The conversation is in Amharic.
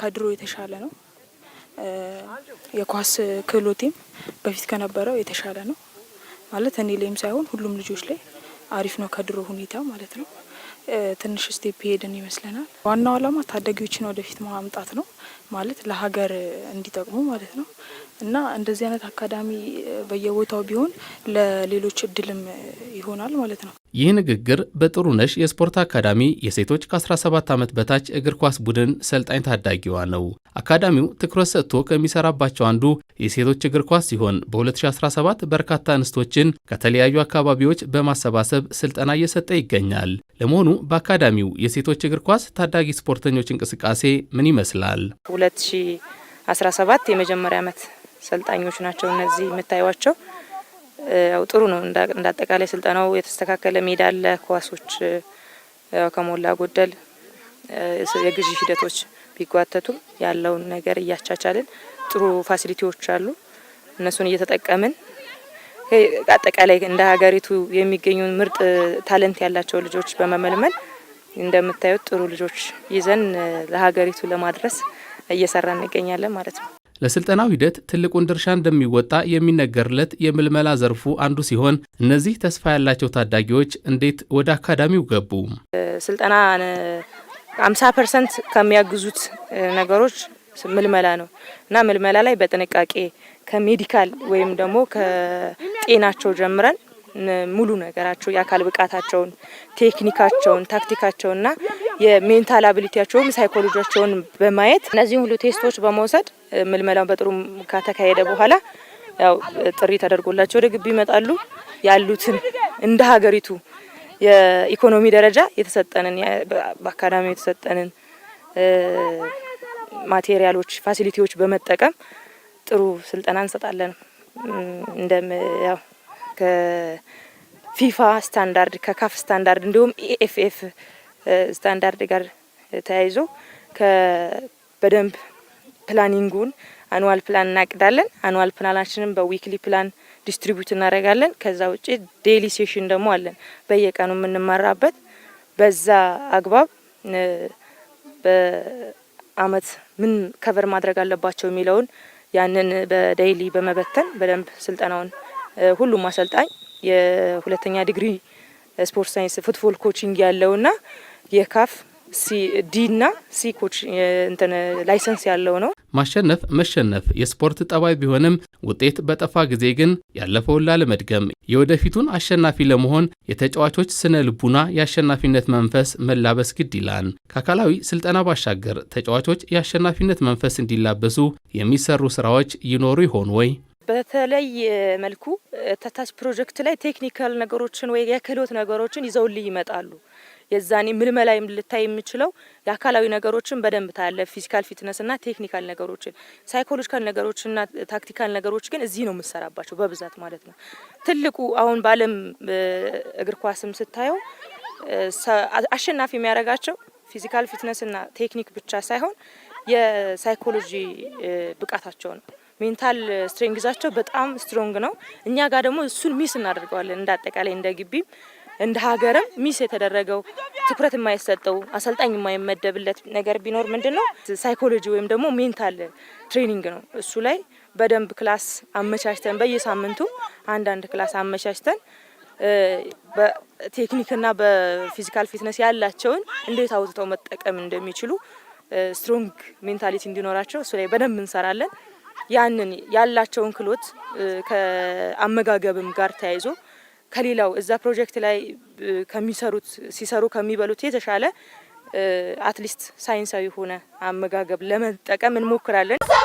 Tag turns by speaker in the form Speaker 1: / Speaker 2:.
Speaker 1: ከድሮ የተሻለ ነው። የኳስ ክህሎቴም በፊት ከነበረው የተሻለ ነው ማለት እኔ ላይም ሳይሆን ሁሉም ልጆች ላይ አሪፍ ነው ከድሮ ሁኔታ ማለት ነው። ትንሽ ስቴፕ ሄድን ይመስለናል። ዋናው አላማ ታዳጊዎችን ወደፊት ማምጣት ነው። ማለት ለሀገር እንዲጠቅሙ ማለት ነው። እና እንደዚህ አይነት አካዳሚ በየቦታው ቢሆን ለሌሎች እድልም ይሆናል ማለት ነው።
Speaker 2: ይህ ንግግር በጥሩነሽ የስፖርት አካዳሚ የሴቶች ከ17 ዓመት በታች እግር ኳስ ቡድን ሰልጣኝ ታዳጊዋ ነው። አካዳሚው ትኩረት ሰጥቶ ከሚሰራባቸው አንዱ የሴቶች እግር ኳስ ሲሆን በ2017 በርካታ እንስቶችን ከተለያዩ አካባቢዎች በማሰባሰብ ስልጠና እየሰጠ ይገኛል። ለመሆኑ በአካዳሚው የሴቶች እግር ኳስ ታዳጊ ስፖርተኞች እንቅስቃሴ ምን ይመስላል?
Speaker 1: 2017 የመጀመሪያ ዓመት ሰልጣኞች ናቸው እነዚህ የምታዩቸው። ያው ጥሩ ነው እንዳጠቃላይ ስልጠናው የተስተካከለ ሜዳ አለ። ኳሶች ከሞላ ጎደል የግዢ ሂደቶች ቢጓተቱም ያለውን ነገር እያቻቻልን ጥሩ ፋሲሊቲዎች አሉ፣ እነሱን እየተጠቀምን አጠቃላይ እንደ ሀገሪቱ የሚገኙ ምርጥ ታለንት ያላቸው ልጆች በመመልመል እንደምታዩት ጥሩ ልጆች ይዘን ለሀገሪቱ ለማድረስ እየሰራ እንገኛለን ማለት ነው።
Speaker 2: ለስልጠናው ሂደት ትልቁን ድርሻ እንደሚወጣ የሚነገርለት የምልመላ ዘርፉ አንዱ ሲሆን እነዚህ ተስፋ ያላቸው ታዳጊዎች እንዴት ወደ አካዳሚው ገቡ?
Speaker 1: ስልጠና አምሳ ፐርሰንት ከሚያግዙት ነገሮች ምልመላ ነው እና ምልመላ ላይ በጥንቃቄ ከሜዲካል ወይም ደግሞ ከጤናቸው ጀምረን ሙሉ ነገራቸው የአካል ብቃታቸውን፣ ቴክኒካቸውን፣ ታክቲካቸውና የሜንታል አብሊቲያቸውም ሳይኮሎጂያቸውን በማየት እነዚህን ሁሉ ቴስቶች በመውሰድ ምልመላውን በጥሩ ከተካሄደ በኋላ ያው ጥሪ ተደርጎላቸው ወደ ግቢ ይመጣሉ። ያሉትን እንደ ሀገሪቱ የኢኮኖሚ ደረጃ የተሰጠንን በአካዳሚ የተሰጠንን ማቴሪያሎች፣ ፋሲሊቲዎች በመጠቀም ጥሩ ስልጠና እንሰጣለን። እንደም ያው ከፊፋ ስታንዳርድ ከካፍ ስታንዳርድ እንዲሁም ኢኤፍኤፍ ስታንዳርድ ጋር ተያይዞ በደንብ ፕላኒንጉን አኑዋል ፕላን እናቅዳለን። አኑዋል ፕላናችንን በዊክሊ ፕላን ዲስትሪቢዩት እናደርጋለን። ከዛ ውጭ ዴይሊ ሴሽን ደግሞ አለን በየቀኑ የምንመራበት። በዛ አግባብ በአመት ምን ከቨር ማድረግ አለባቸው የሚለውን ያንን በዴይሊ በመበተን በደንብ ስልጠናውን ሁሉም አሰልጣኝ የሁለተኛ ዲግሪ ስፖርት ሳይንስ ፉትቦል ኮችንግ ያለውና የካፍ ዲ እና ሲ ኮች ላይሰንስ ያለው ነው።
Speaker 2: ማሸነፍ መሸነፍ የስፖርት ጠባይ ቢሆንም ውጤት በጠፋ ጊዜ ግን ያለፈውን ላለመድገም የወደፊቱን አሸናፊ ለመሆን የተጫዋቾች ስነ ልቡና የአሸናፊነት መንፈስ መላበስ ግድ ይላል። ከአካላዊ ስልጠና ባሻገር ተጫዋቾች የአሸናፊነት መንፈስ እንዲላበሱ የሚሰሩ ስራዎች ይኖሩ ይሆን ወይ?
Speaker 1: በተለይ መልኩ ተታች ፕሮጀክት ላይ ቴክኒካል ነገሮችን ወይ የክህሎት ነገሮችን ይዘውልኝ ይመጣሉ። የዛኔ ምልመላይም ልታይ የምችለው የአካላዊ ነገሮችን በደንብ ታያለ። ፊዚካል ፊትነስ እና ቴክኒካል ነገሮችን፣ ሳይኮሎጂካል ነገሮችና ታክቲካል ነገሮች ግን እዚህ ነው የምሰራባቸው በብዛት ማለት ነው። ትልቁ አሁን በዓለም እግር ኳስም ስታየው አሸናፊ የሚያደርጋቸው ፊዚካል ፊትነስና ቴክኒክ ብቻ ሳይሆን የሳይኮሎጂ ብቃታቸው ነው። ሜንታል ስትሬንግዛቸው በጣም ስትሮንግ ነው። እኛ ጋር ደግሞ እሱን ሚስ እናደርገዋለን። እንደ አጠቃላይ እንደ ግቢ እንደ ሀገርም ሚስ የተደረገው ትኩረት የማይሰጠው አሰልጣኝ የማይመደብለት ነገር ቢኖር ምንድን ነው ሳይኮሎጂ ወይም ደግሞ ሜንታል ትሬኒንግ ነው። እሱ ላይ በደንብ ክላስ አመቻችተን በየሳምንቱ አንዳንድ ክላስ አመቻችተን በቴክኒክና በፊዚካል ፊትነስ ያላቸውን እንዴት አውጥተው መጠቀም እንደሚችሉ ስትሮንግ ሜንታሊቲ እንዲኖራቸው እሱ ላይ በደንብ እንሰራለን። ያንን ያላቸውን ክህሎት ከአመጋገብም ጋር ተያይዞ ከሌላው እዛ ፕሮጀክት ላይ ከሚሰሩት ሲሰሩ ከሚበሉት የተሻለ አትሊስት ሳይንሳዊ የሆነ አመጋገብ ለመጠቀም እንሞክራለን።